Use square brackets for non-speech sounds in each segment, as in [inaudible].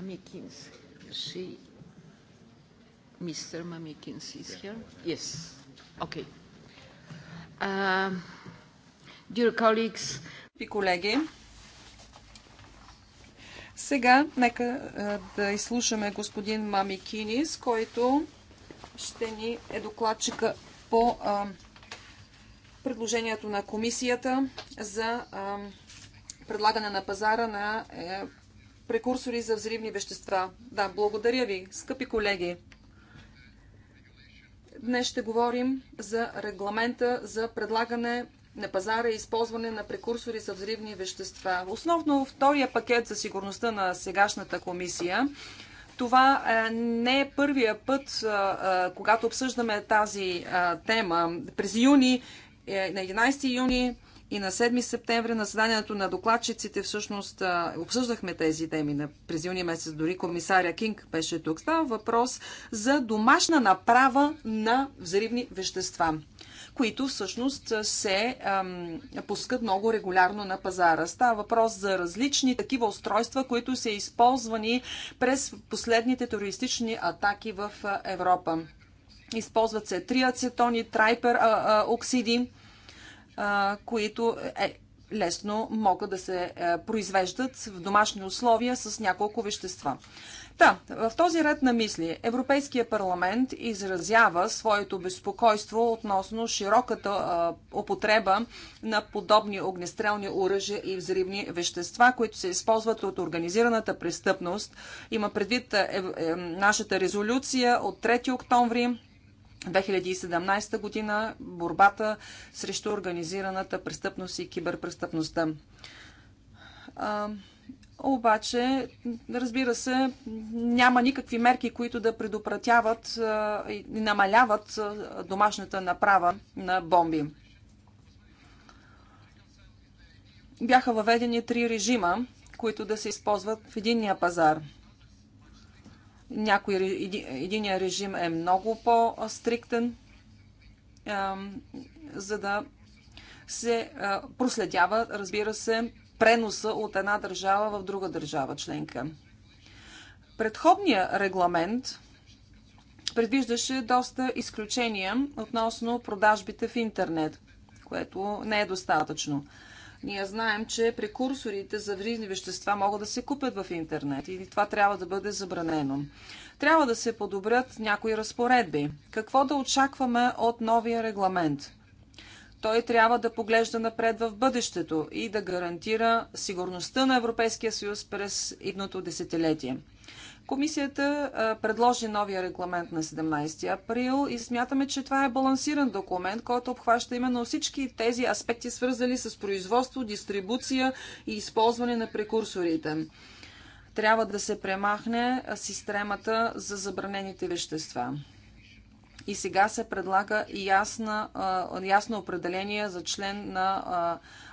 Mamikins. She, Mr. Mamikins is here? Yes. Okay. Uh, dear colleagues, колеги, сега нека да изслушаме господин Мамикинис, който ще ни е докладчика по а, предложението на комисията за а, предлагане на пазара на е, прекурсори за взривни вещества. Да, благодаря ви, скъпи колеги. Днес ще говорим за регламента за предлагане на пазара и използване на прекурсори за взривни вещества. Основно втория пакет за сигурността на сегашната комисия. Това е, не е първия път, е, е, когато обсъждаме тази тема. През юни, на 11 юни и на 7 септември на заданието на докладчиците всъщност обсъждахме тези теми на през юни месец. Дори комисаря Кинг беше тук. Става въпрос за домашна направа на взривни вещества, които всъщност се ам, пускат много регулярно на пазара. Става въпрос за различни такива устройства, които са използвани през последните терористични атаки в Европа. Използват се триацетони, трайпер а, а, оксиди които е, лесно могат да се е, произвеждат в домашни условия с няколко вещества. Та, в този ред на мисли Европейския парламент изразява своето безпокойство относно широката употреба на подобни огнестрелни оръжия и взривни вещества, които се използват от организираната престъпност. Има предвид е, е, нашата резолюция от 3 октомври 2017 година борбата срещу организираната престъпност и киберпрестъпността. А, обаче, разбира се, няма никакви мерки, които да предотвратяват и намаляват домашната направа на бомби. Бяха въведени три режима, които да се използват в единния пазар – някой, еди, единия режим е много по-стриктен, за да се проследява, разбира се, преноса от една държава в друга държава членка. Предходният регламент предвиждаше доста изключения относно продажбите в интернет, което не е достатъчно. Ние знаем, че прекурсорите за вредни вещества могат да се купят в интернет и това трябва да бъде забранено. Трябва да се подобрят някои разпоредби. Какво да очакваме от новия регламент? Той трябва да поглежда напред в бъдещето и да гарантира сигурността на Европейския съюз през идното десетилетие. Комисията предложи новия регламент на 17 април и смятаме, че това е балансиран документ, който обхваща именно всички тези аспекти, свързани с производство, дистрибуция и използване на прекурсорите. Трябва да се премахне системата за забранените вещества. И сега се предлага ясна, ясно определение за член на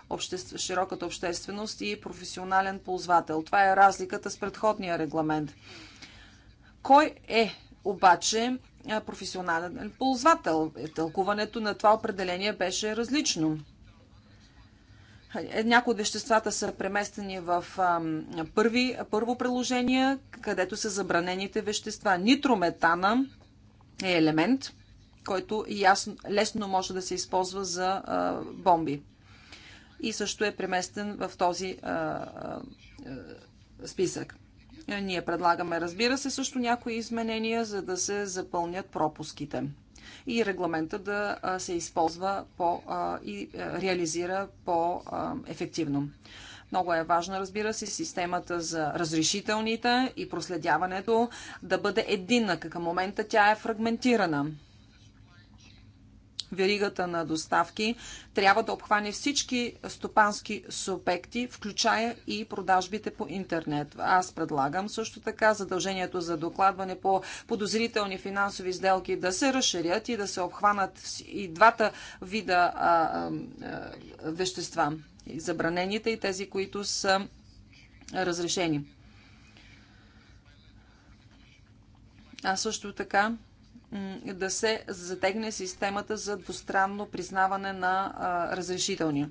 обществ... широката общественост и професионален ползвател. Това е разликата с предходния регламент. Кой е обаче професионален ползвател? Е, тълкуването на това определение беше различно. Е, някои от веществата са преместени в първи, първо приложение, където са забранените вещества. Нитрометана е елемент, който ясно, лесно може да се използва за бомби и също е преместен в този а, а, списък. Ние предлагаме, разбира се, също някои изменения, за да се запълнят пропуските и регламента да се използва по, а, и реализира по-ефективно. Много е важно, разбира се, системата за разрешителните и проследяването да бъде единна. Към момента тя е фрагментирана веригата на доставки трябва да обхване всички стопански субекти, включая и продажбите по интернет. Аз предлагам също така задължението за докладване по подозрителни финансови сделки да се разширят и да се обхванат и двата вида а, а, а, вещества. И забранените и тези, които са разрешени. А също така да се затегне системата за двустранно признаване на разрешителни.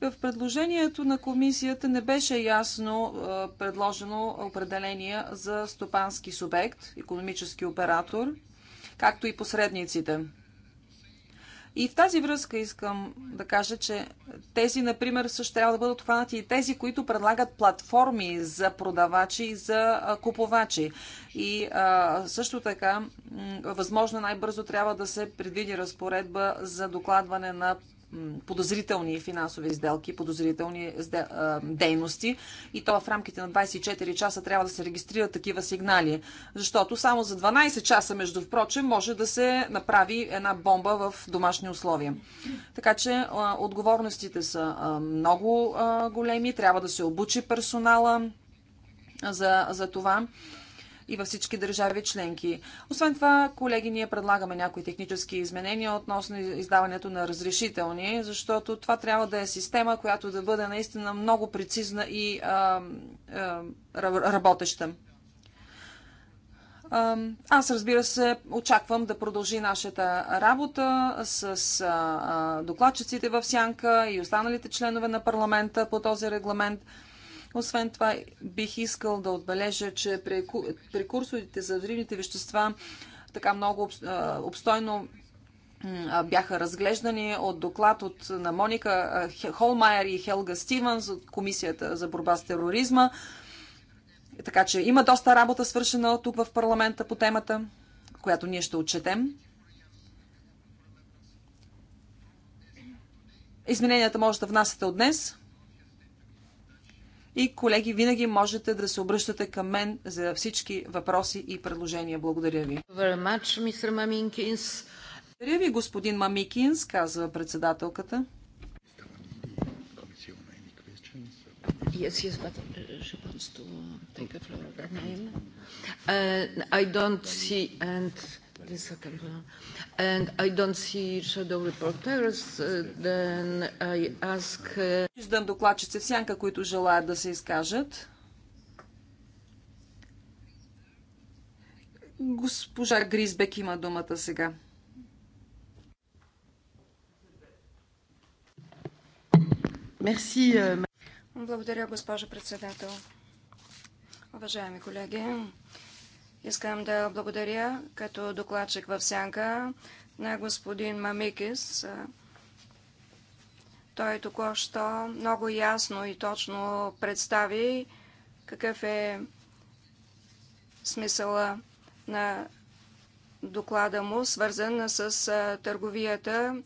В предложението на комисията не беше ясно предложено определение за стопански субект, економически оператор, както и посредниците. И в тази връзка искам да кажа, че тези, например, също трябва да бъдат хванати и тези, които предлагат платформи за продавачи и за купувачи. И а, също така, възможно най-бързо трябва да се предвиди разпоредба за докладване на подозрителни финансови сделки, подозрителни дейности и то в рамките на 24 часа трябва да се регистрират такива сигнали, защото само за 12 часа, между впрочем, може да се направи една бомба в домашни условия. Така че отговорностите са много големи, трябва да се обучи персонала за, за това и във всички държави членки. Освен това, колеги, ние предлагаме някои технически изменения относно издаването на разрешителни, защото това трябва да е система, която да бъде наистина много прецизна и а, а, работеща. Аз, разбира се, очаквам да продължи нашата работа с докладчиците в Сянка и останалите членове на парламента по този регламент. Освен това, бих искал да отбележа, че прекурсорите за взривните вещества така много обстойно бяха разглеждани от доклад от, на Моника Холмайер и Хелга Стивенс от Комисията за борба с тероризма. Така че има доста работа свършена тук в парламента по темата, която ние ще отчетем. Измененията може да внасяте от днес. И, колеги, винаги можете да се обръщате към мен за всички въпроси и предложения. Благодаря ви. Благодаря ви, господин Мамикинс, казва председателката. Yes, yes, but uh, she The second one. And I don't see shadow reporters, uh, then I ask... Uh, Виждам докладчици в сянка, които желаят да се изкажат. Госпожа Гризбек има думата сега. Мерси. Е, Благодаря, госпожа председател. Уважаеми колеги, Искам да благодаря като докладчик в сянка на господин Мамикис. Той току-що много ясно и точно представи какъв е смисъла на доклада му, свързан с търговията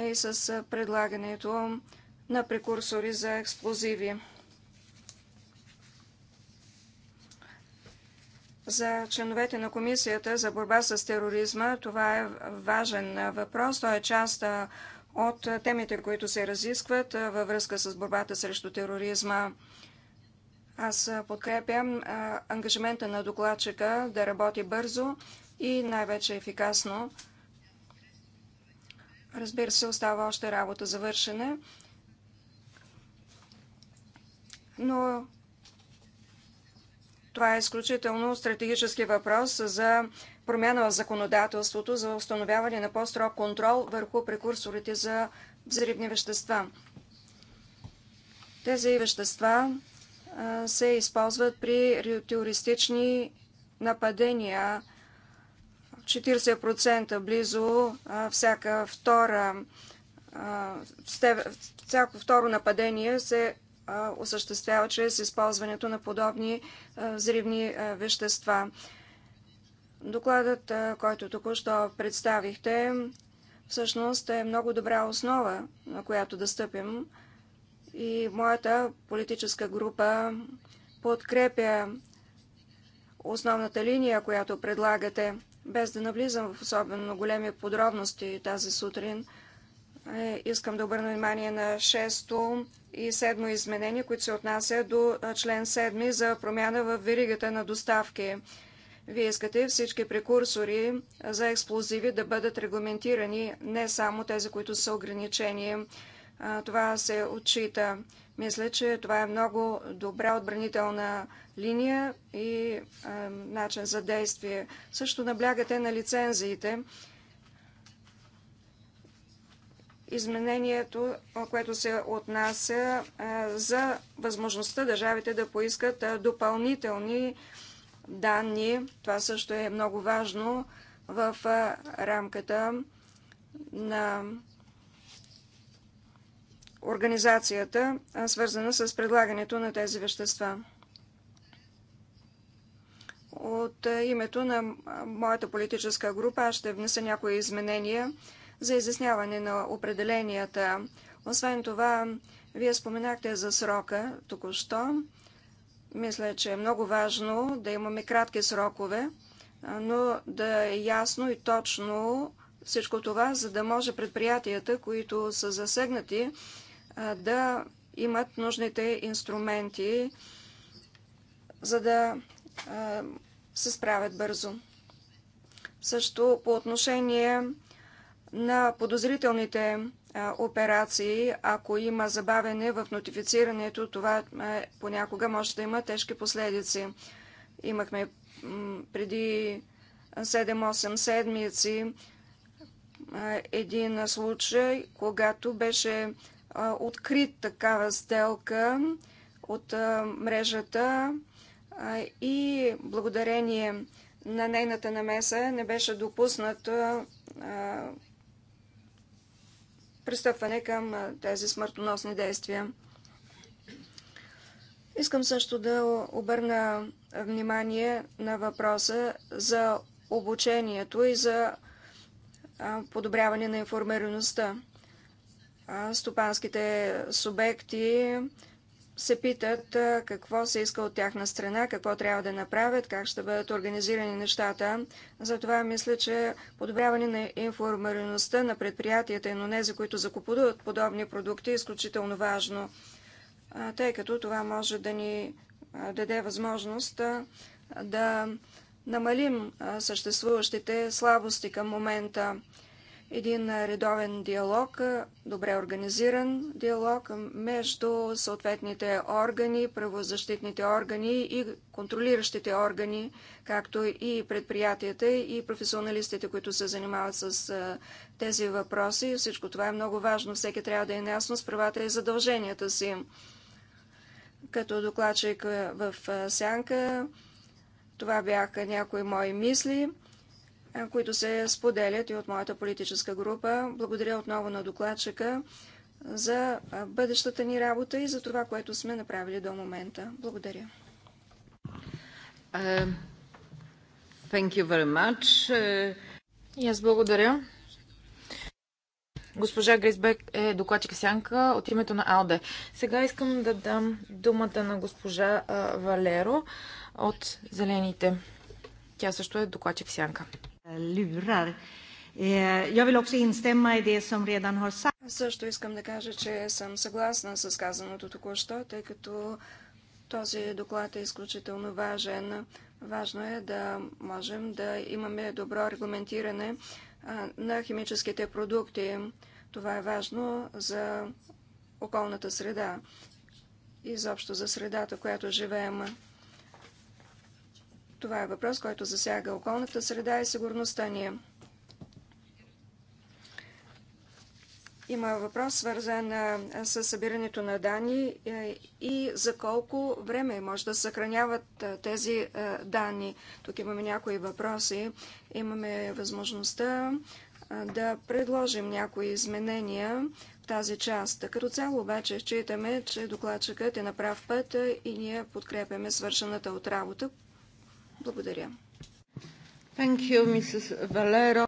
и с предлагането на прекурсори за експлозиви. За членовете на Комисията за борба с тероризма това е важен въпрос. Той е част от темите, които се разискват във връзка с борбата срещу тероризма. Аз подкрепям ангажимента на докладчика да работи бързо и най-вече ефикасно. Разбира се, остава още работа за вършене, но това е изключително стратегически въпрос за промяна в законодателството за установяване на по-строг контрол върху прекурсорите за взривни вещества. Тези вещества се използват при теористични нападения. 40% близо всяка втора всяко второ нападение се осъществява чрез използването на подобни взривни вещества. Докладът, който току-що представихте, всъщност е много добра основа, на която да стъпим. И моята политическа група подкрепя основната линия, която предлагате, без да навлизам в особено големи подробности тази сутрин – е, искам да обърна внимание на шесто и седмо изменение, които се отнася до член 7 за промяна в веригата на доставки. Вие искате всички прекурсори за експлозиви да бъдат регламентирани, не само тези, които са ограничени. Това се отчита. Мисля, че това е много добра отбранителна линия и начин за действие. Също наблягате на лицензиите изменението, което се отнася е, за възможността държавите да поискат е, допълнителни данни. Това също е много важно в е, рамката на организацията, свързана с предлагането на тези вещества. От името на моята политическа група аз ще внеса някои изменения – за изясняване на определенията. Освен това, вие споменахте за срока току-що. Мисля, че е много важно да имаме кратки срокове, но да е ясно и точно всичко това, за да може предприятията, които са засегнати, да имат нужните инструменти, за да се справят бързо. Също по отношение на подозрителните операции, ако има забавене в нотифицирането, това понякога може да има тежки последици. Имахме преди 7-8 седмици един случай, когато беше открит такава сделка от мрежата и благодарение на нейната намеса не беше допусната пристъпване към тези смъртоносни действия. Искам също да обърна внимание на въпроса за обучението и за подобряване на информираността. Стопанските субекти се питат какво се иска от тяхна страна, какво трябва да направят, как ще бъдат организирани нещата. Затова мисля, че подобряване на информираността на предприятията и на тези, които закупуват подобни продукти, е изключително важно, тъй като това може да ни даде възможност да намалим съществуващите слабости към момента един редовен диалог, добре организиран диалог между съответните органи, правозащитните органи и контролиращите органи, както и предприятията и професионалистите, които се занимават с тези въпроси. Всичко това е много важно. Всеки трябва да е наясно с правата и задълженията си. Като докладчик в Сянка, това бяха някои мои мисли които се споделят и от моята политическа група. Благодаря отново на докладчика за бъдещата ни работа и за това, което сме направили до момента. Благодаря. Uh, thank you very much. Uh... И аз благодаря. Госпожа Гризбек е докладчик Сянка от името на АЛДЕ. Сега искам да дам думата на госпожа Валеро от Зелените. Тя също е докладчик Сянка lurar. Eh, jag vill också instämma i det som redan har sagt. Също искам да кажа, че съм съгласна с казаното току-що, тъй като този доклад е изключително важен. Важно е да можем да имаме добро регламентиране на химическите продукти. Това е важно за околната среда и изобщо за средата, в която живеем. Това е въпрос, който засяга околната среда и сигурността ни. Има въпрос, свързан с събирането на данни е, и за колко време може да съхраняват тези данни. Тук имаме някои въпроси. Имаме възможността да предложим някои изменения в тази част. Като цяло обаче считаме, че докладчикът е на прав път и ние подкрепяме свършената от работа. Благодаря. Thank you, Mrs. Valero.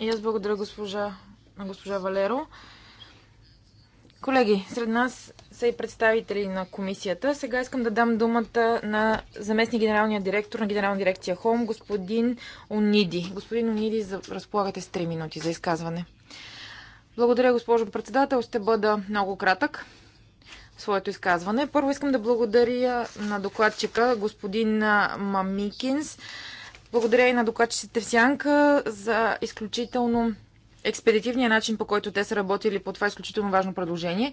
И аз благодаря госпожа, на госпожа Валеро. Колеги, сред нас са и представители на комисията. Сега искам да дам думата на заместник генералния директор на генерална дирекция Хом, господин Ониди. Господин Ониди, разполагате с 3 минути за изказване. Благодаря, госпожо председател. Ще бъда много кратък своето изказване. Първо искам да благодаря на докладчика господин Мамикинс. Благодаря и на докладчиците в Сянка за изключително експедитивния начин, по който те са работили по това изключително важно предложение.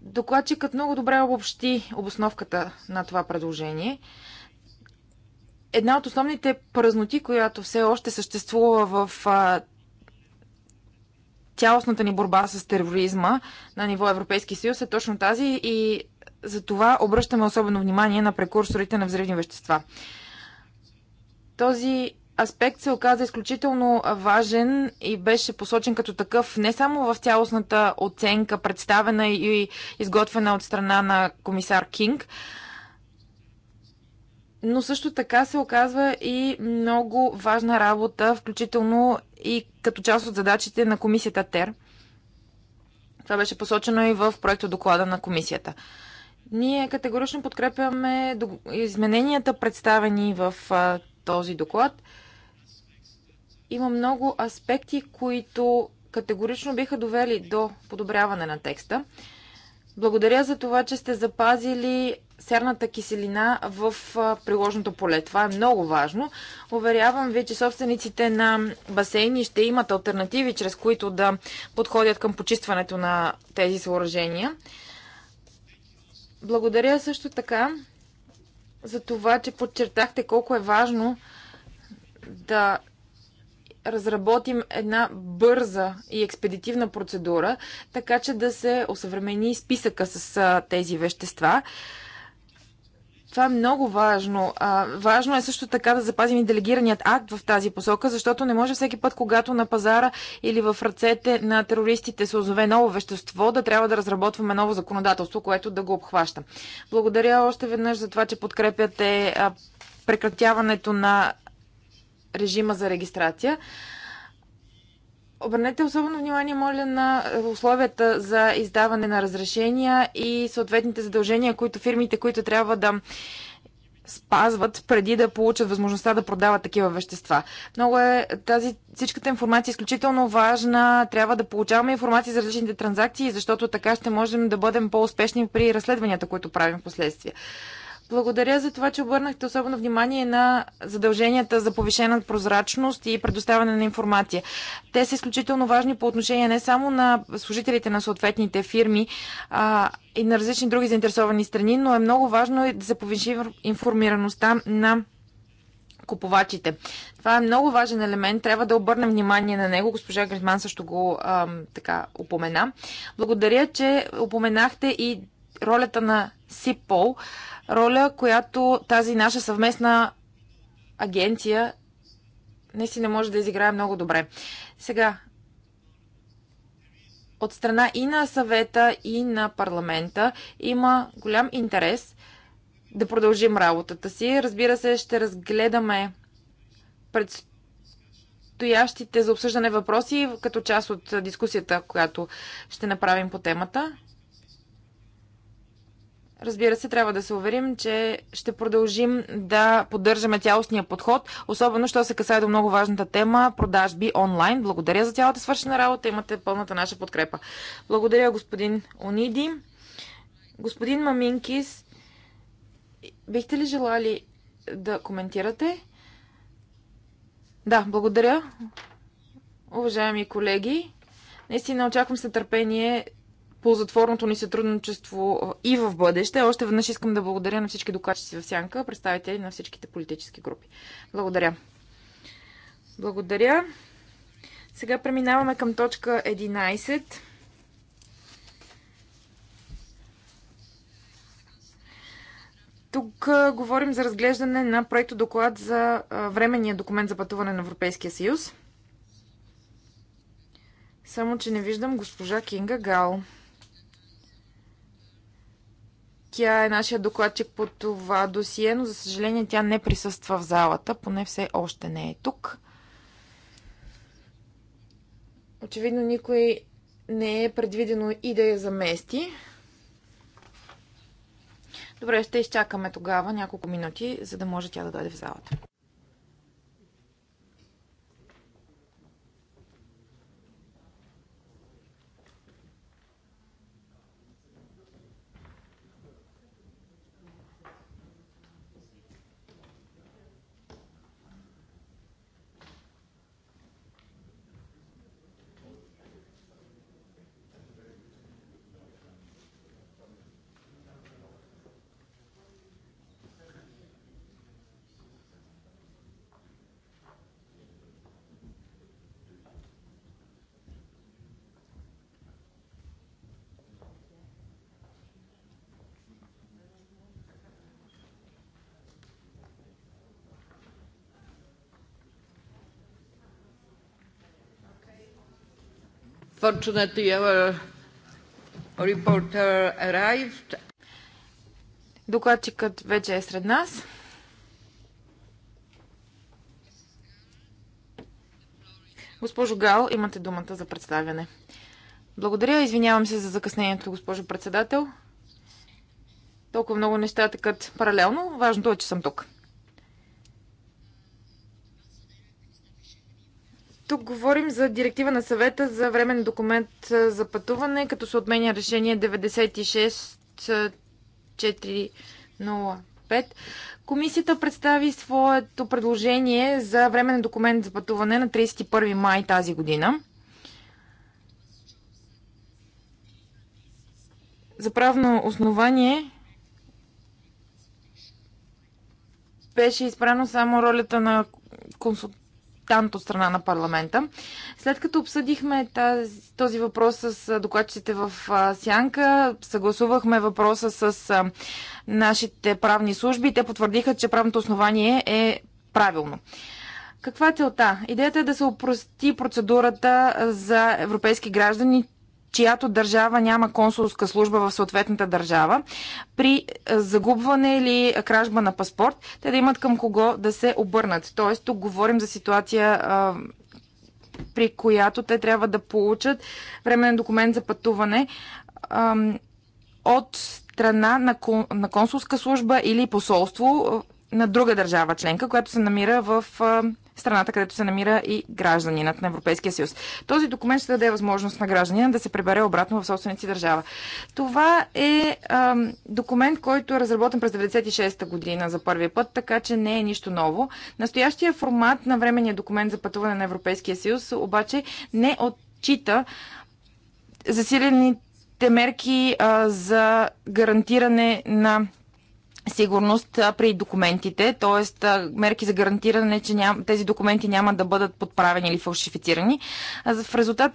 Докладчикът много добре обобщи обосновката на това предложение. Една от основните празноти, която все още съществува в цялостната ни борба с тероризма на ниво Европейски съюз е точно тази и за това обръщаме особено внимание на прекурсорите на взривни вещества. Този аспект се оказа изключително важен и беше посочен като такъв не само в цялостната оценка, представена и изготвена от страна на комисар Кинг, но също така се оказва и много важна работа, включително и като част от задачите на комисията ТЕР. Това беше посочено и в проекта доклада на комисията. Ние категорично подкрепяме измененията, представени в този доклад. Има много аспекти, които категорично биха довели до подобряване на текста. Благодаря за това, че сте запазили серната киселина в приложното поле. Това е много важно. Уверявам ви, че собствениците на басейни ще имат альтернативи, чрез които да подходят към почистването на тези съоръжения. Благодаря също така за това, че подчертахте колко е важно да разработим една бърза и експедитивна процедура, така че да се осъвремени списъка с тези вещества. Това е много важно. А, важно е също така да запазим и делегираният акт в тази посока, защото не може всеки път, когато на пазара или в ръцете на терористите се озове ново вещество, да трябва да разработваме ново законодателство, което да го обхваща. Благодаря още веднъж за това, че подкрепяте прекратяването на режима за регистрация. Обърнете особено внимание, моля, на условията за издаване на разрешения и съответните задължения, които фирмите, които трябва да спазват преди да получат възможността да продават такива вещества. Много е тази всичката информация е изключително важна. Трябва да получаваме информация за различните транзакции, защото така ще можем да бъдем по-успешни при разследванията, които правим в последствие. Благодаря за това, че обърнахте особено внимание на задълженията за повишена прозрачност и предоставяне на информация. Те са изключително важни по отношение не само на служителите на съответните фирми а, и на различни други заинтересовани страни, но е много важно и да се повиши информираността на купувачите. Това е много важен елемент, трябва да обърнем внимание на него. Госпожа Гризман също го а, така упомена. Благодаря, че упоменахте и ролята на СИПОЛ, роля, която тази наша съвместна агенция не си не може да изиграе много добре. Сега, от страна и на съвета, и на парламента има голям интерес да продължим работата си. Разбира се, ще разгледаме предстоящите за обсъждане въпроси като част от дискусията, която ще направим по темата. Разбира се, трябва да се уверим, че ще продължим да поддържаме цялостния подход, особено що се касае до много важната тема продажби онлайн. Благодаря за цялата свършена работа. Имате пълната наша подкрепа. Благодаря, господин Ониди. Господин Маминкис, бихте ли желали да коментирате? Да, благодаря. Уважаеми колеги, наистина очаквам с търпение ползотворното ни сътрудничество и в бъдеще. Още веднъж искам да благодаря на всички докачици в Сянка, представители на всичките политически групи. Благодаря. Благодаря. Сега преминаваме към точка 11. Тук а, говорим за разглеждане на проекто доклад за а, временния документ за пътуване на Европейския съюз. Само, че не виждам госпожа Кинга Гал. Тя е нашия докладчик по това досие, но за съжаление тя не присъства в залата, поне все още не е тук. Очевидно никой не е предвидено и да я замести. Добре, ще изчакаме тогава няколко минути, за да може тя да дойде в залата. Fortunately, our reporter arrived. Докладчикът вече е сред нас. Госпожо Гал, имате думата за представяне. Благодаря, извинявам се за закъснението, госпожо председател. Толкова много неща тъкат паралелно. Важното е, че съм тук. Тук говорим за директива на съвета за времен документ за пътуване, като се отменя решение 96405. Комисията представи своето предложение за времен документ за пътуване на 31 май тази година. За правно основание беше избрано само ролята на консулт диктант от страна на парламента. След като обсъдихме тази, този въпрос с докладчите в Сянка, съгласувахме въпроса с нашите правни служби и те потвърдиха, че правното основание е правилно. Каква е целта? Идеята е да се опрости процедурата за европейски граждани, чиято държава няма консулска служба в съответната държава, при е, загубване или кражба на паспорт, те да имат към кого да се обърнат. Тоест, тук говорим за ситуация при която те трябва да получат временен документ за пътуване от страна на консулска служба или посолство на друга държава членка, която се намира в страната, където се намира и гражданинът на Европейския съюз. Този документ ще даде възможност на гражданина да се пребере обратно в собствената си държава. Това е ам, документ, който е разработен през 1996 година за първия път, така че не е нищо ново. Настоящия формат на временния документ за пътуване на Европейския съюз обаче не отчита засилените мерки а, за гарантиране на сигурност при документите, т.е. мерки за гарантиране, че ням, тези документи няма да бъдат подправени или фалшифицирани. В резултат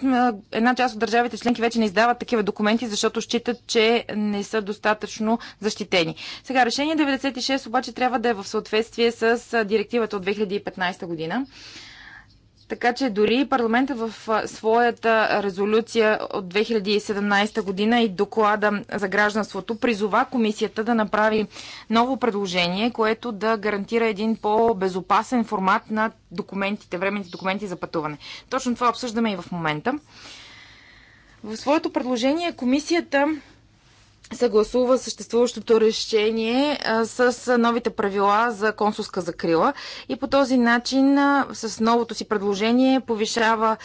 една част от държавите членки вече не издават такива документи, защото считат, че не са достатъчно защитени. Сега решение 96 обаче трябва да е в съответствие с директивата от 2015 година. Така че дори парламента в своята резолюция от 2017 година и доклада за гражданството призова комисията да направи ново предложение, което да гарантира един по-безопасен формат на документите, времените документи за пътуване. Точно това обсъждаме и в момента. В своето предложение комисията съгласува съществуващото решение с новите правила за консулска закрила и по този начин с новото си предложение повишава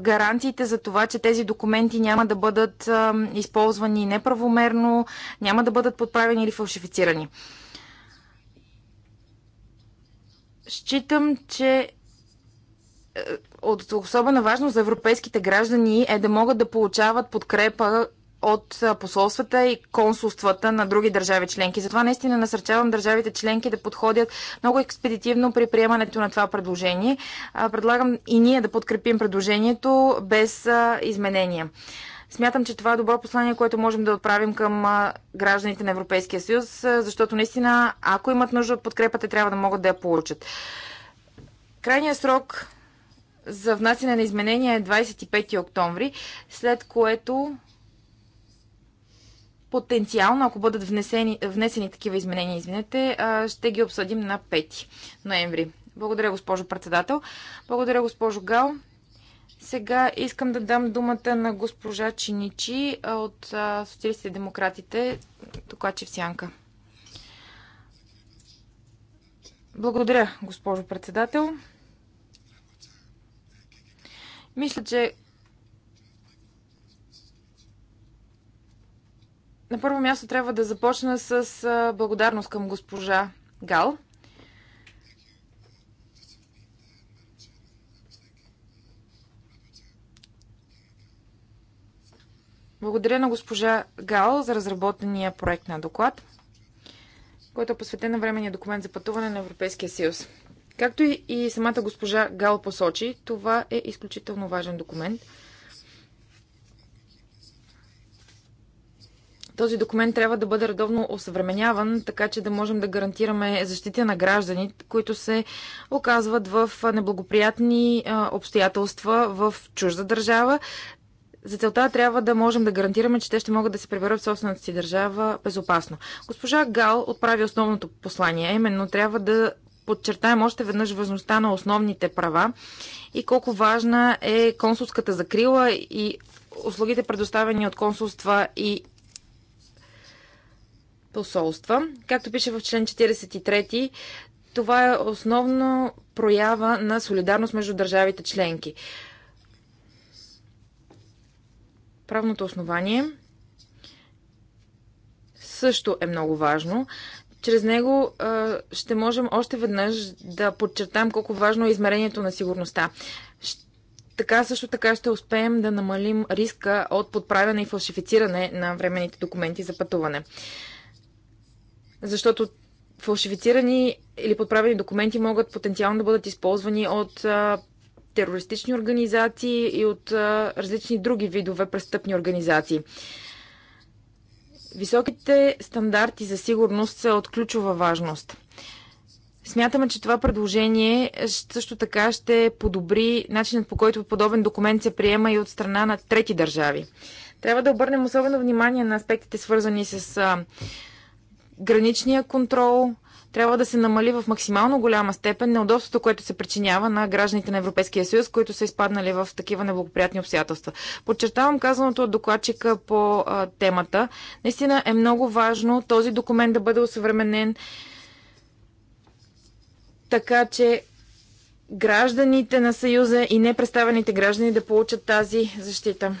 гаранциите за това, че тези документи няма да бъдат използвани неправомерно, няма да бъдат подправени или фалшифицирани. Считам, че е, от особена важност за европейските граждани е да могат да получават подкрепа от посолствата и консулствата на други държави членки. Затова наистина насърчавам държавите членки да подходят много експедитивно при приемането на това предложение. Предлагам и ние да подкрепим предложението без изменения. Смятам, че това е добро послание, което можем да отправим към гражданите на Европейския съюз, защото наистина, ако имат нужда от подкрепа, те трябва да могат да я получат. Крайният срок за внасяне на изменения е 25 октомври, след което потенциално, ако бъдат внесени, внесени такива изменения, извинете, ще ги обсъдим на 5 ноември. Благодаря, госпожо председател. Благодаря, госпожо Гал. Сега искам да дам думата на госпожа Чиничи от Социалистите и демократите, докладче в Сянка. Благодаря, госпожо председател. Мисля, че На първо място трябва да започна с благодарност към госпожа Гал. Благодаря на госпожа Гал за разработения проект на доклад, който е посветен на временния документ за пътуване на Европейския съюз. Както и самата госпожа Гал посочи, това е изключително важен документ – Този документ трябва да бъде редовно осъвременяван, така че да можем да гарантираме защита на граждани, които се оказват в неблагоприятни обстоятелства в чужда държава. За целта трябва да можем да гарантираме, че те ще могат да се приберат в собствената си държава безопасно. Госпожа Гал отправи основното послание, именно трябва да подчертаем още веднъж важността на основните права и колко важна е консулската закрила и услугите предоставени от консулства и посолства. Както пише в член 43, това е основно проява на солидарност между държавите членки. Правното основание също е много важно. Чрез него ще можем още веднъж да подчертаем колко важно е измерението на сигурността. Така също така ще успеем да намалим риска от подправяне и фалшифициране на временните документи за пътуване защото фалшифицирани или подправени документи могат потенциално да бъдат използвани от а, терористични организации и от а, различни други видове престъпни организации. Високите стандарти за сигурност са от ключова важност. Смятаме, че това предложение също така ще подобри начинът по който подобен документ се приема и от страна на трети държави. Трябва да обърнем особено внимание на аспектите, свързани с граничния контрол трябва да се намали в максимално голяма степен неудобството, което се причинява на гражданите на Европейския съюз, които са изпаднали в такива неблагоприятни обстоятелства. Подчертавам казаното от докладчика по а, темата. Наистина е много важно този документ да бъде усъвременен така, че гражданите на Съюза и непредставените граждани да получат тази защита.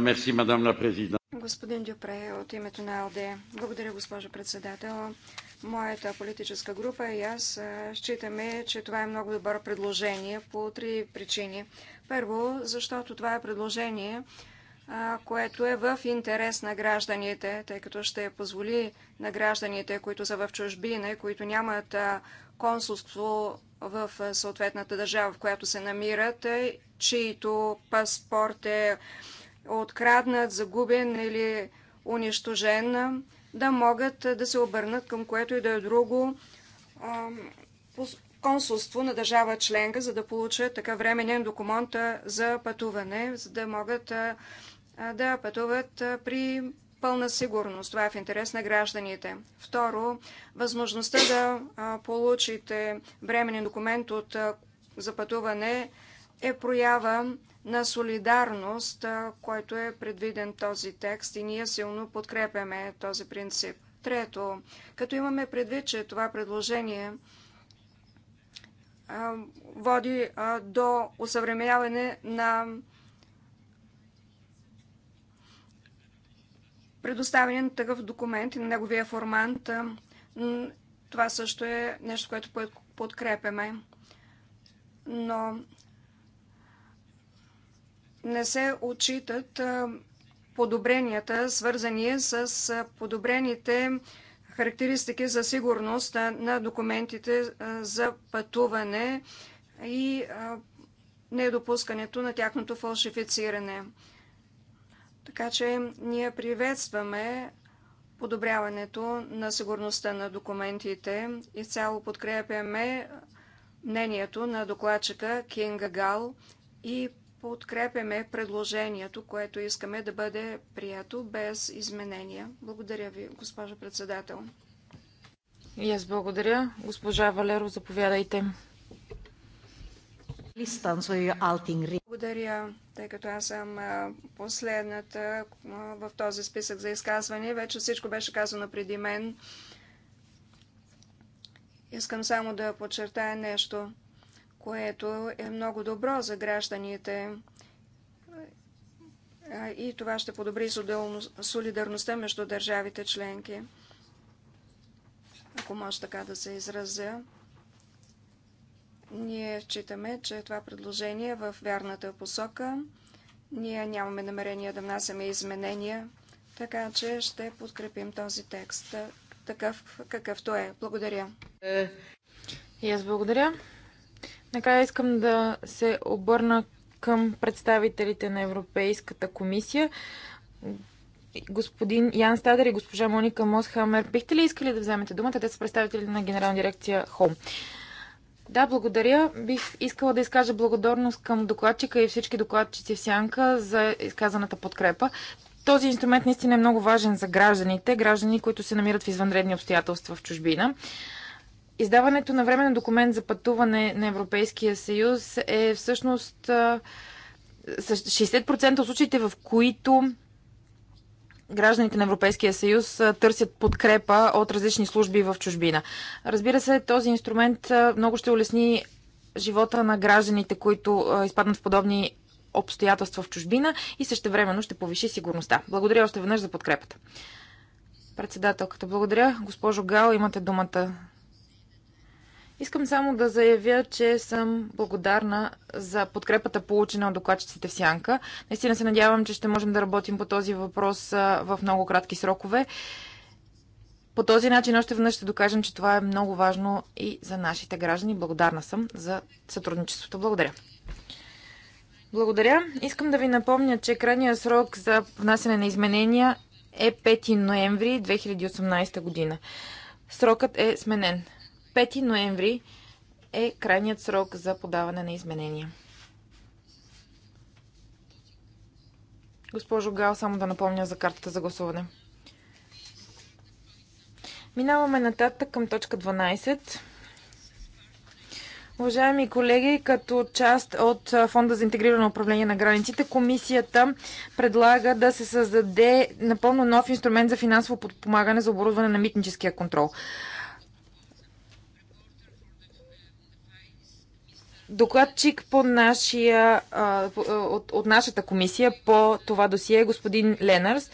Мерси, мадам на президент. Господин Дюпре от името на АЛД. Благодаря, госпожо председател. Моята политическа група и аз считаме, че това е много добро предложение по три причини. Първо, защото това е предложение, което е в интерес на гражданите, тъй като ще позволи на гражданите, които са в чужбина и които нямат консулство в съответната държава, в която се намират, чието паспорт е откраднат, загубен или унищожен, да могат да се обърнат към което и да е друго консулство на държава членка, за да получат така временен документ за пътуване, за да могат да пътуват при пълна сигурност. Това е в интерес на гражданите. Второ, възможността да получите временен документ от, за пътуване е проява на солидарност, който е предвиден този текст и ние силно подкрепяме този принцип. Трето, като имаме предвид, че това предложение води до усъвременяване на предоставяне на такъв документ и на неговия формант. Това също е нещо, което подкрепяме. Но не се отчитат подобренията, свързани с подобрените характеристики за сигурност на документите за пътуване и недопускането на тяхното фалшифициране. Така че ние приветстваме подобряването на сигурността на документите. цяло подкрепяме мнението на докладчика Кинга Гал и подкрепяме предложението, което искаме да бъде прието без изменения. Благодаря ви, госпожо председател. И аз благодаря. Госпожа Валеро, заповядайте. Благодаря, тъй като аз съм последната в този списък за изказване. Вече всичко беше казано преди мен. Искам само да подчертая нещо което е много добро за гражданите. И това ще подобри солидарността между държавите членки. Ако може така да се изразя. Ние считаме, че това предложение е в вярната посока. Ние нямаме намерение да внасяме изменения, така че ще подкрепим този текст такъв какъвто е. Благодаря. И аз благодаря. Накрая искам да се обърна към представителите на Европейската комисия. Господин Ян Стадър и госпожа Моника Мосхамер, бихте ли искали да вземете думата? Те са представители на Генерална дирекция ХОМ. Да, благодаря. Бих искала да изкажа благодарност към докладчика и всички докладчици в Сянка за изказаната подкрепа. Този инструмент наистина е много важен за гражданите, граждани, които се намират в извънредни обстоятелства в чужбина. Издаването на временен документ за пътуване на Европейския съюз е всъщност 60% от случаите, в които гражданите на Европейския съюз търсят подкрепа от различни служби в чужбина. Разбира се, този инструмент много ще улесни живота на гражданите, които изпаднат в подобни обстоятелства в чужбина и същевременно ще повиши сигурността. Благодаря още веднъж за подкрепата. Председателката, благодаря. Госпожо Гал, имате думата Искам само да заявя, че съм благодарна за подкрепата получена от докладчиците в Сянка. Наистина се надявам, че ще можем да работим по този въпрос в много кратки срокове. По този начин още веднъж ще докажем, че това е много важно и за нашите граждани. Благодарна съм за сътрудничеството. Благодаря. Благодаря. Искам да ви напомня, че крайният срок за внасяне на изменения е 5 ноември 2018 година. Срокът е сменен. 5 ноември е крайният срок за подаване на изменения. Госпожо Гал, само да напомня за картата за гласуване. Минаваме нататък към точка 12. Уважаеми колеги, като част от Фонда за интегрирано управление на границите, комисията предлага да се създаде напълно нов инструмент за финансово подпомагане за оборудване на митническия контрол. Докладчик по нашия, от, от нашата комисия по това досие е господин Ленърс.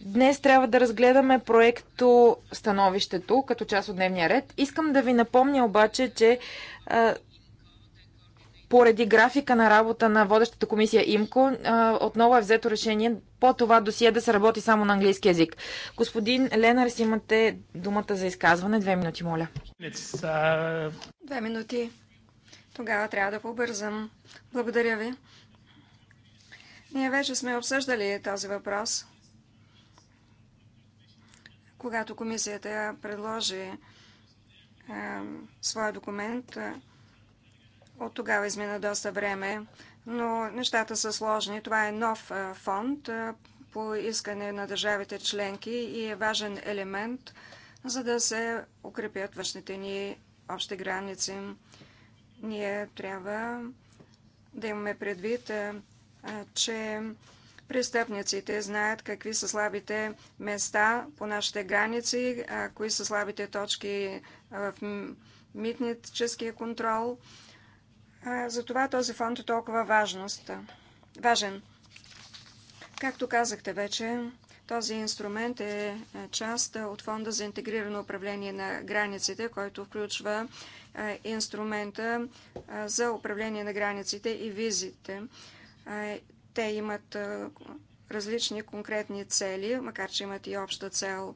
Днес трябва да разгледаме проекто становището като част от дневния ред. Искам да ви напомня обаче, че поради графика на работа на водещата комисия ИМКО, отново е взето решение по това досие да се работи само на английски язик. Господин Ленарс, имате думата за изказване. Две минути, моля. Uh, Две минути тогава трябва да побързам. Благодаря ви. Ние вече сме обсъждали този въпрос. Когато комисията предложи е, своя документ, е, от тогава измина доста време, но нещата са сложни. Това е нов е, фонд е, по искане на държавите членки и е важен елемент, за да се укрепят външните ни общи граници. Ние трябва да имаме предвид, че престъпниците знаят какви са слабите места по нашите граници, кои са слабите точки в митническия контрол. Затова този фонд е толкова важност. важен. Както казахте вече, този инструмент е, е част от Фонда за интегрирано управление на границите, който включва е, инструмента е, за управление на границите и визите. Те имат различни конкретни цели, макар че имат и обща цел.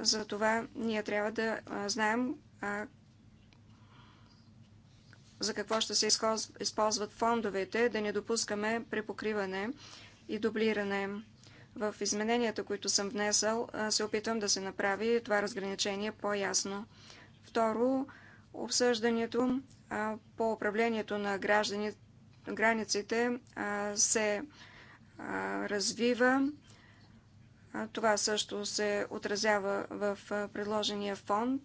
Затова ние трябва да знаем за какво ще се използват фондовете, да не допускаме препокриване. покриване и дублиране. В измененията, които съм внесъл, се опитвам да се направи това разграничение по-ясно. Второ, обсъждането по управлението на граждани, границите се развива. Това също се отразява в предложения фонд.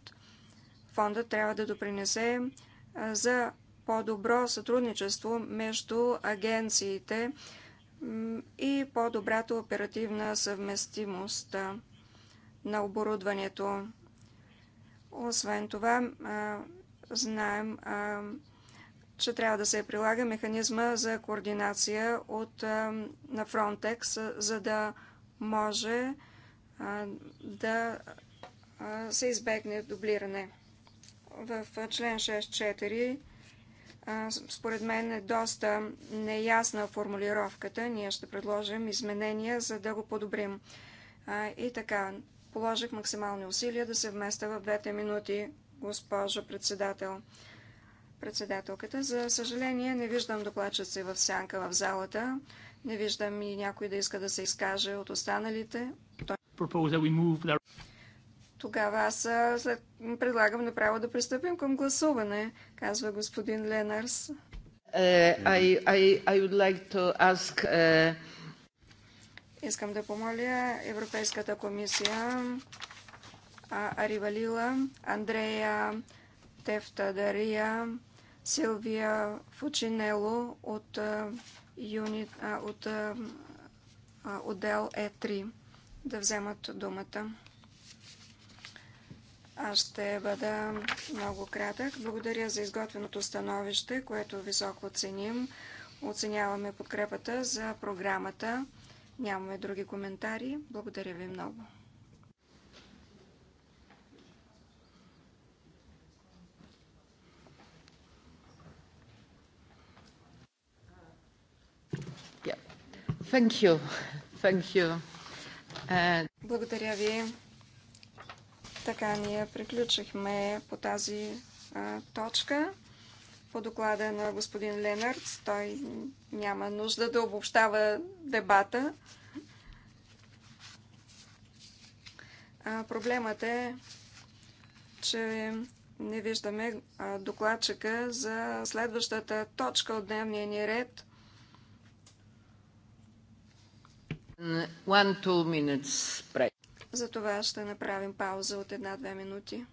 Фондът трябва да допринесе за по-добро сътрудничество между агенциите и по-добрата оперативна съвместимост на оборудването. Освен това, знаем, че трябва да се прилага механизма за координация от, на Frontex, за да може да се избегне дублиране. В член 6.4 според мен е доста неясна формулировката. Ние ще предложим изменения, за да го подобрим. И така, положих максимални усилия да се вместа в двете минути, госпожо председател. Председателката, за съжаление, не виждам докладчици в сянка в залата. Не виждам и някой да иска да се изкаже от останалите. Тогава аз след... предлагам направо да пристъпим към гласуване, казва господин Ленарс. Uh, I, I, I like ask, uh... Искам да помоля Европейската комисия Аривалила, Андрея Тефтадария, Силвия Фучинело от, юни, от отдел Е3 да вземат думата. Аз ще бъда много кратък. Благодаря за изготвеното становище, което високо оценим. Оценяваме подкрепата за програмата. Нямаме други коментари. Благодаря ви много. Thank you. Thank you. Uh... Благодаря ви. Така ние приключихме по тази а, точка. По доклада на господин Ленард, той няма нужда да обобщава дебата. А, проблемът е, че не виждаме докладчика за следващата точка от дневния ни ред. One, two minutes break. Затова ще направим пауза от една-две минути.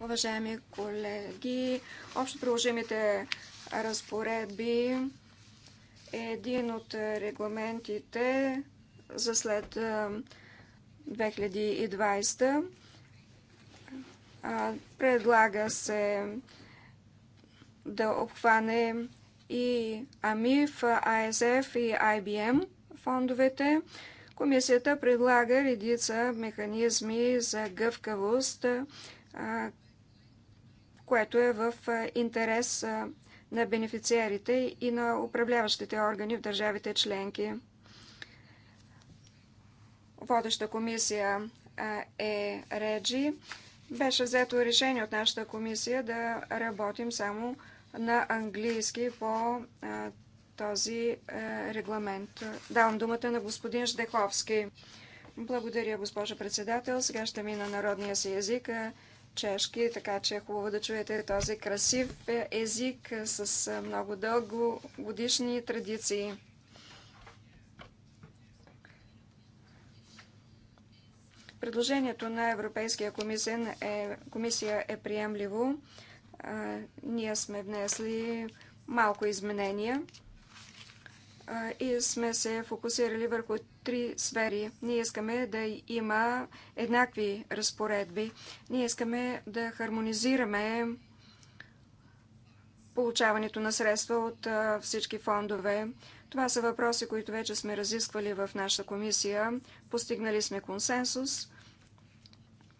Уважаеми колеги, общо приложимите разпоредби е един от регламентите за след 2020. Предлага се да обхване и АМИФ, АСФ и IBM фондовете. Комисията предлага редица механизми за гъвкавост, което е в интерес на бенефициарите и на управляващите органи в държавите членки. Водеща комисия е Реджи. Беше взето решение от нашата комисия да работим само на английски по този е, регламент. Давам думата на господин Ждеховски. Благодаря, госпожа председател. Сега ще мина народния си език е, чешки, така че е хубаво да чуете този красив е, език с много дълго годишни традиции. Предложението на Европейския комисия е, комисия е приемливо. ние сме внесли малко изменения и сме се фокусирали върху три сфери. Ние искаме да има еднакви разпоредби. Ние искаме да хармонизираме получаването на средства от всички фондове. Това са въпроси, които вече сме разисквали в нашата комисия. Постигнали сме консенсус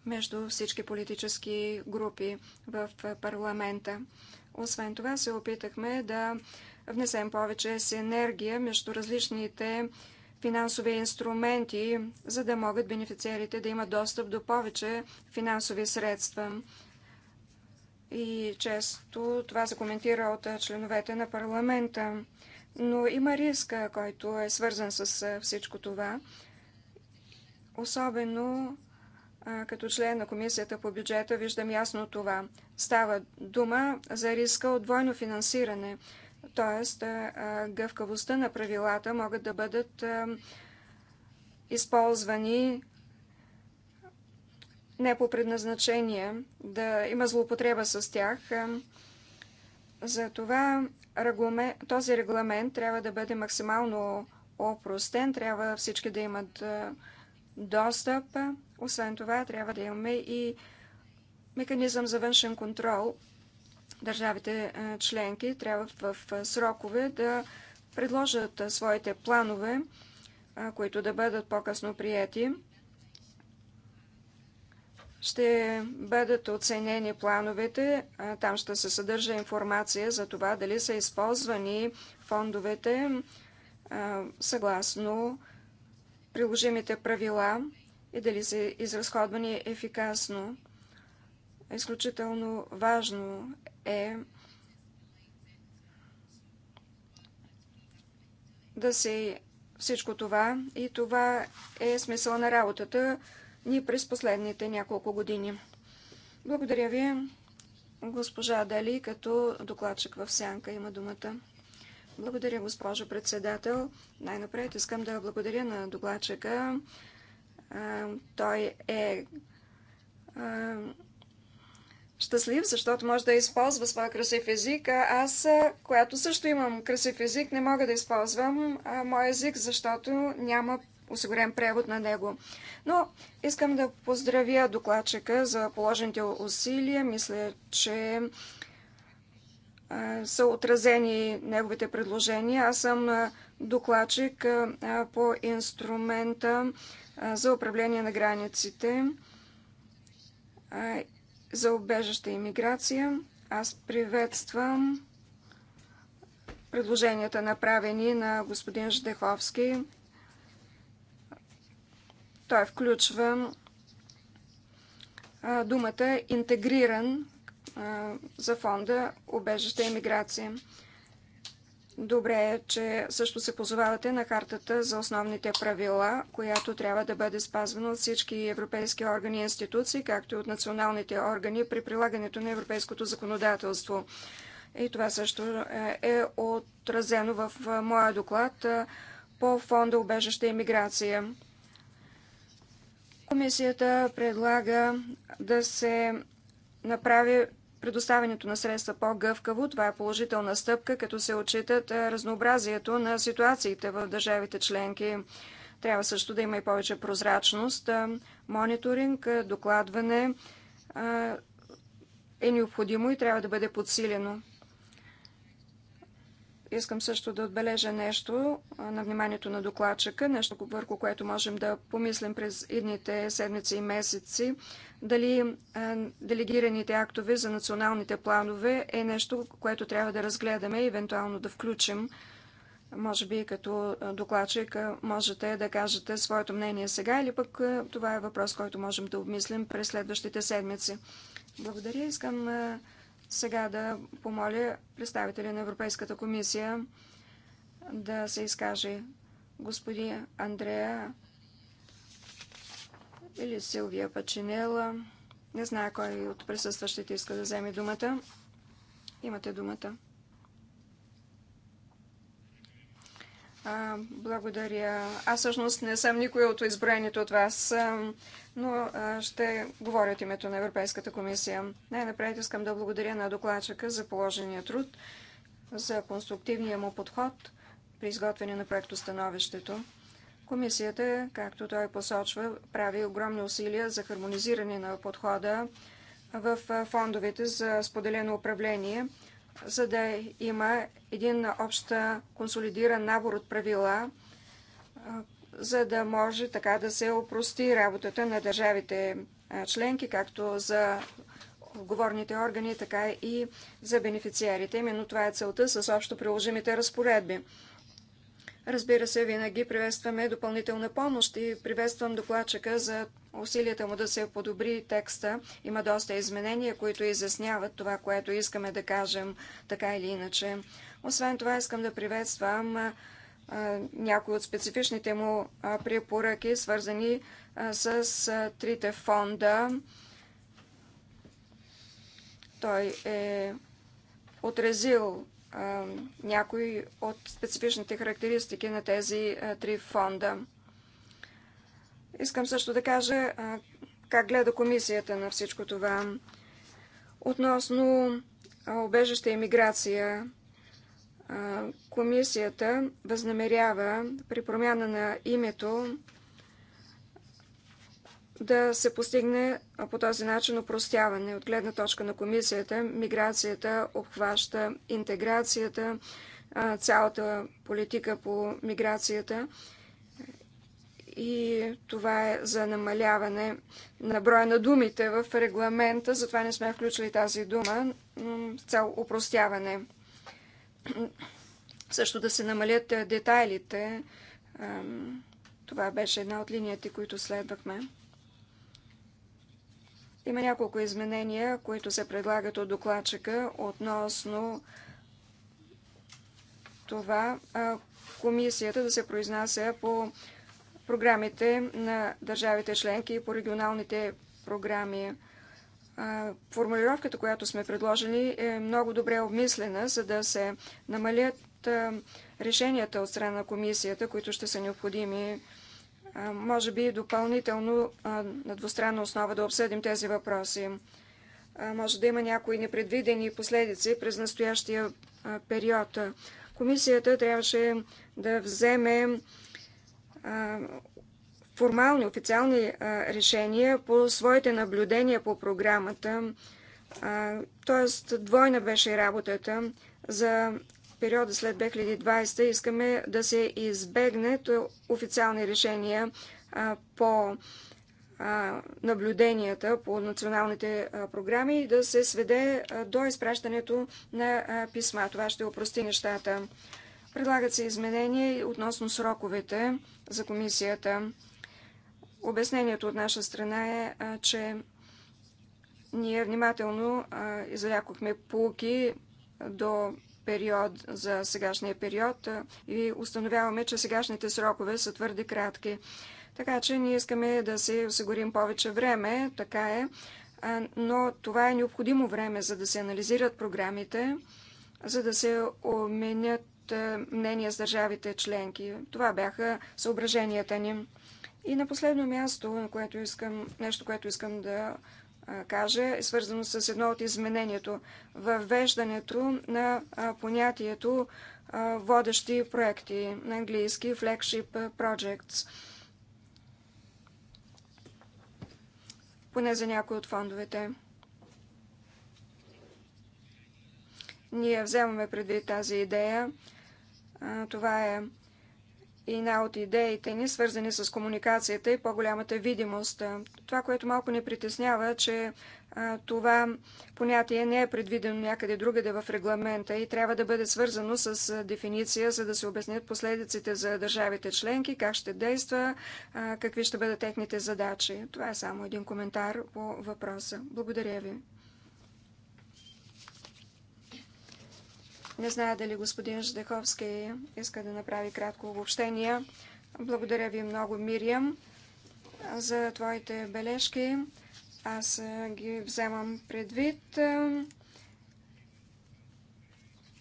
между всички политически групи в парламента. Освен това се опитахме да внесем повече синергия между различните финансови инструменти, за да могат бенефициерите да имат достъп до повече финансови средства. И често това се коментира от членовете на парламента. Но има риска, който е свързан с всичко това. Особено като член на Комисията по бюджета виждам ясно това. Става дума за риска от двойно финансиране – т.е. гъвкавостта на правилата могат да бъдат използвани не по предназначение, да има злоупотреба с тях. Затова този регламент трябва да бъде максимално опростен, трябва всички да имат достъп. Освен това, трябва да имаме и механизъм за външен контрол Държавите е, членки трябва в е, срокове да предложат е, своите планове, които да бъдат по-късно прияти. Ще бъдат оценени плановете. Там ще се съдържа информация за това дали са използвани фондовете съгласно приложимите правила и дали са изразходвани ефикасно. Изключително важно е да се всичко това и това е смисъл на работата ни през последните няколко години. Благодаря ви, госпожа Дали, като докладчик в Сянка има думата. Благодаря, госпожо председател. Най-напред искам да благодаря на докладчика. Той е щастлив, защото може да използва своя красив език, аз, която също имам красив език, не мога да използвам моя език, защото няма осигурен превод на него. Но искам да поздравя докладчика за положените усилия. Мисля, че са отразени неговите предложения. Аз съм докладчик по инструмента за управление на границите за обежаща иммиграция. Аз приветствам предложенията направени на господин Ждеховски. Той включва думата интегриран за фонда обежаща иммиграция. Добре е, че също се позовавате на хартата за основните правила, която трябва да бъде спазвана от всички европейски органи и институции, както и от националните органи при прилагането на европейското законодателство. И това също е, е отразено в е, моя доклад е, по фонда Обежаща иммиграция. Комисията предлага да се направи предоставянето на средства по-гъвкаво. Това е положителна стъпка, като се отчитат разнообразието на ситуациите в държавите членки. Трябва също да има и повече прозрачност, мониторинг, докладване е необходимо и трябва да бъде подсилено. Искам също да отбележа нещо на вниманието на докладчика, нещо върху което можем да помислим през идните седмици и месеци. Дали делегираните актове за националните планове е нещо, което трябва да разгледаме и евентуално да включим. Може би като докладчик можете да кажете своето мнение сега или пък това е въпрос, който можем да обмислим през следващите седмици. Благодаря. Искам сега да помоля представителя на Европейската комисия да се изкаже господин Андрея или Силвия Пачинела. Не знае кой от присъстващите иска да вземе думата. Имате думата. А, благодаря. Аз всъщност не съм никой от изброените от вас, но ще говоря от името на Европейската комисия. Най-напред искам да благодаря на докладчика за положения труд, за конструктивния му подход при изготвяне на проектостановището. Комисията, както той посочва, прави огромни усилия за хармонизиране на подхода в фондовете за споделено управление – за да има един общ консолидиран набор от правила, за да може така да се опрости работата на държавите членки, както за отговорните органи, така и за бенефициарите. Именно това е целта с общо приложимите разпоредби. Разбира се, винаги приветстваме допълнителна помощ и приветствам докладчика за усилията му да се подобри текста. Има доста изменения, които изясняват това, което искаме да кажем, така или иначе. Освен това, искам да приветствам някои от специфичните му препоръки, свързани с трите фонда. Той е отразил някои от специфичните характеристики на тези три фонда. Искам също да кажа как гледа комисията на всичко това. Относно обежище и миграция, комисията възнамерява при промяна на името да се постигне по този начин упростяване. От гледна точка на комисията, миграцията обхваща интеграцията, цялата политика по миграцията и това е за намаляване на броя на думите в регламента, затова не сме включили тази дума с цел упростяване. Също да се намалят детайлите. Това беше една от линиите, които следвахме. Има няколко изменения, които се предлагат от докладчика относно това комисията да се произнася по програмите на държавите членки и по регионалните програми. Формулировката, която сме предложили, е много добре обмислена, за да се намалят решенията от страна на комисията, които ще са необходими може би допълнително на двустранна основа да обсъдим тези въпроси. Може да има някои непредвидени последици през настоящия период. Комисията трябваше да вземе формални, официални решения по своите наблюдения по програмата. Тоест, двойна беше работата за периода след 2020 искаме да се избегне официални решения по наблюденията по националните програми и да се сведе до изпращането на писма. Това ще опрости нещата. Предлагат се изменения относно сроковете за комисията. Обяснението от наша страна е, че ние внимателно излякохме полки до период, за сегашния период и установяваме, че сегашните срокове са твърде кратки. Така че ние искаме да се осигурим повече време, така е, но това е необходимо време, за да се анализират програмите, за да се оменят мнения с държавите членки. Това бяха съображенията ни. И на последно място, на което искам, нещо, което искам да кажа, е свързано с едно от изменението въвеждането на понятието водещи проекти на английски flagship projects. Поне за някои от фондовете. Ние вземаме предвид тази идея. Това е и една от идеите ни, свързани с комуникацията и по-голямата видимост. Това, което малко ни притеснява, че а, това понятие не е предвидено някъде другаде в регламента и трябва да бъде свързано с дефиниция, за да се обяснят последиците за държавите членки, как ще действа, а, какви ще бъдат техните задачи. Това е само един коментар по въпроса. Благодаря ви. Не зная дали господин Ждеховски иска да направи кратко обобщение. Благодаря ви много, Мирием, за твоите бележки. Аз ги вземам предвид.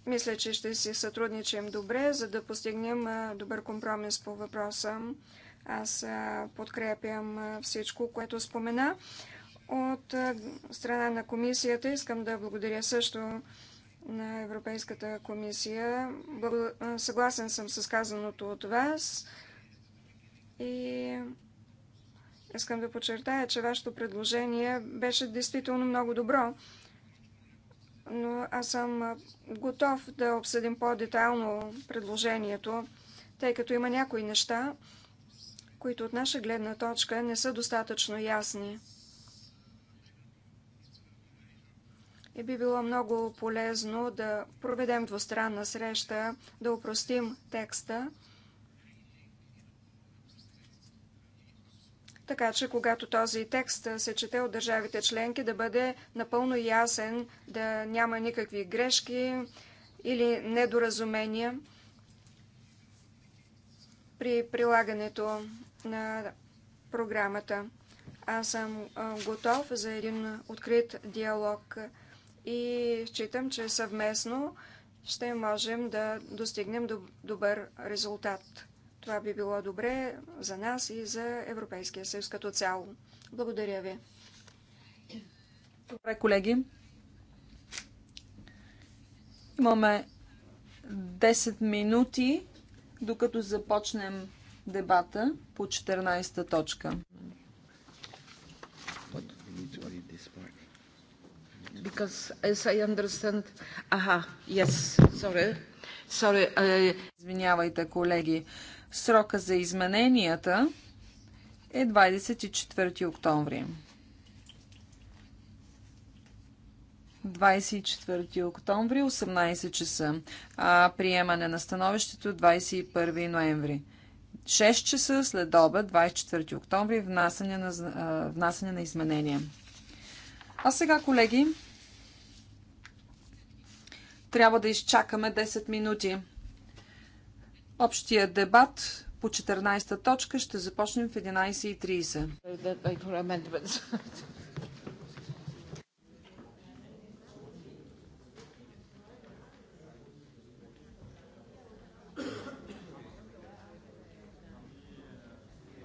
Мисля, че ще си сътрудничим добре, за да постигнем добър компромис по въпроса. Аз подкрепям всичко, което спомена. От страна на комисията искам да благодаря също на Европейската комисия. Съгласен съм с казаното от вас и искам да подчертая, че вашето предложение беше действително много добро. Но аз съм готов да обсъдим по-детайлно предложението, тъй като има някои неща, които от наша гледна точка не са достатъчно ясни. И би било много полезно да проведем двустранна среща, да упростим текста, така че когато този текст се чете от държавите членки, да бъде напълно ясен, да няма никакви грешки или недоразумения при прилагането на програмата. Аз съм готов за един открит диалог и считам, че съвместно ще можем да достигнем добър резултат. Това би било добре за нас и за Европейския съюз като цяло. Благодаря ви. Добре, колеги. Имаме 10 минути, докато започнем дебата по 14 та точка. But we need to because as I understand... Aha, yes, sorry. Sorry, е, Извинявайте, колеги. Срока за измененията е 24 октомври. 24 октомври, 18 часа. А, приемане на становището 21 е ноември. 6 часа след оба, 24 октомври, внасяне на, а, внасяне на изменения. А сега, колеги, трябва да изчакаме 10 минути. Общия дебат по 14 точка ще започнем в 11.30. [laughs]